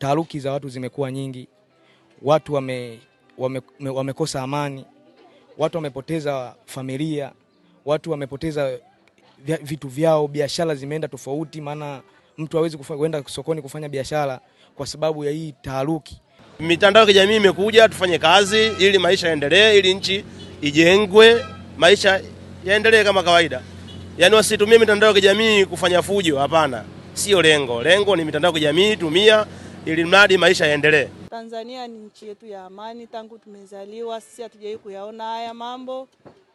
taharuki za watu zimekuwa nyingi, watu wamekosa wame, wame, wamekosa amani, watu wamepoteza familia, watu wamepoteza vitu vyao, biashara zimeenda tofauti, maana mtu hawezi kuenda sokoni kufanya biashara kwa sababu ya hii taharuki. Mitandao ya kijamii imekuja, tufanye kazi ili maisha yaendelee, ili nchi ijengwe, maisha yaendelee kama kawaida. Yaani wasitumie mitandao ya kijamii kufanya fujo, hapana, sio lengo. Lengo ni mitandao ya kijamii tumia ili mradi maisha yaendelee. Tanzania ni nchi yetu ya amani, tangu tumezaliwa sisi hatujawahi kuyaona haya mambo.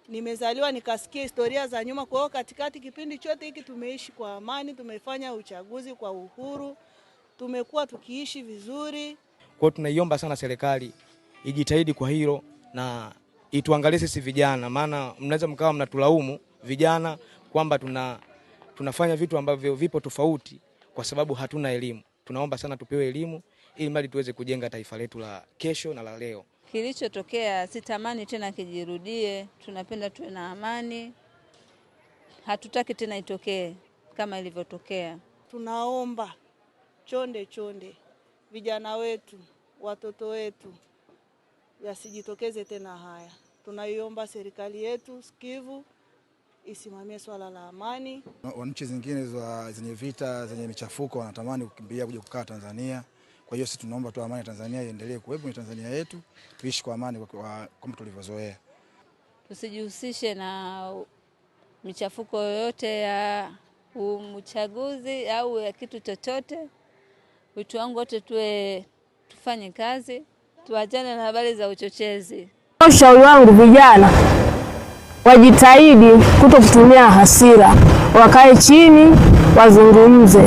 Nimezaliwa nikasikia historia za nyuma, kwa hiyo katikati kipindi chote hiki tumeishi kwa amani, tumefanya uchaguzi kwa uhuru, tumekuwa tukiishi vizuri. Kwa hiyo tunaiomba sana serikali ijitahidi kwa hilo na ituangalie sisi vijana, maana mnaweza mkawa mnatulaumu vijana kwamba tuna, tunafanya vitu ambavyo vipo tofauti kwa sababu hatuna elimu. Tunaomba sana tupewe elimu ili mali tuweze kujenga taifa letu la kesho na la leo. Kilichotokea sitamani tena kijirudie. Tunapenda tuwe na amani, hatutaki tena itokee kama ilivyotokea. Tunaomba chonde chonde, vijana wetu, watoto wetu, yasijitokeze tena haya. Tunaiomba serikali yetu sikivu isimamie swala la amani. Wananchi zingine zenye vita zenye michafuko wanatamani kukimbilia kuja kukaa Tanzania. Kwa hiyo sisi tunaomba tu amani ya Tanzania iendelee kuwepo, ni Tanzania yetu, tuishi kwa amani kama tulivyozoea. Tusijihusishe na michafuko yoyote ya uchaguzi au ya kitu chochote. Wito wangu wote tuwe tufanye kazi, tuachane na habari za uchochezi. Ushauri wangu vijana wajitahidi kuto kutumia hasira, wakae chini wazungumze.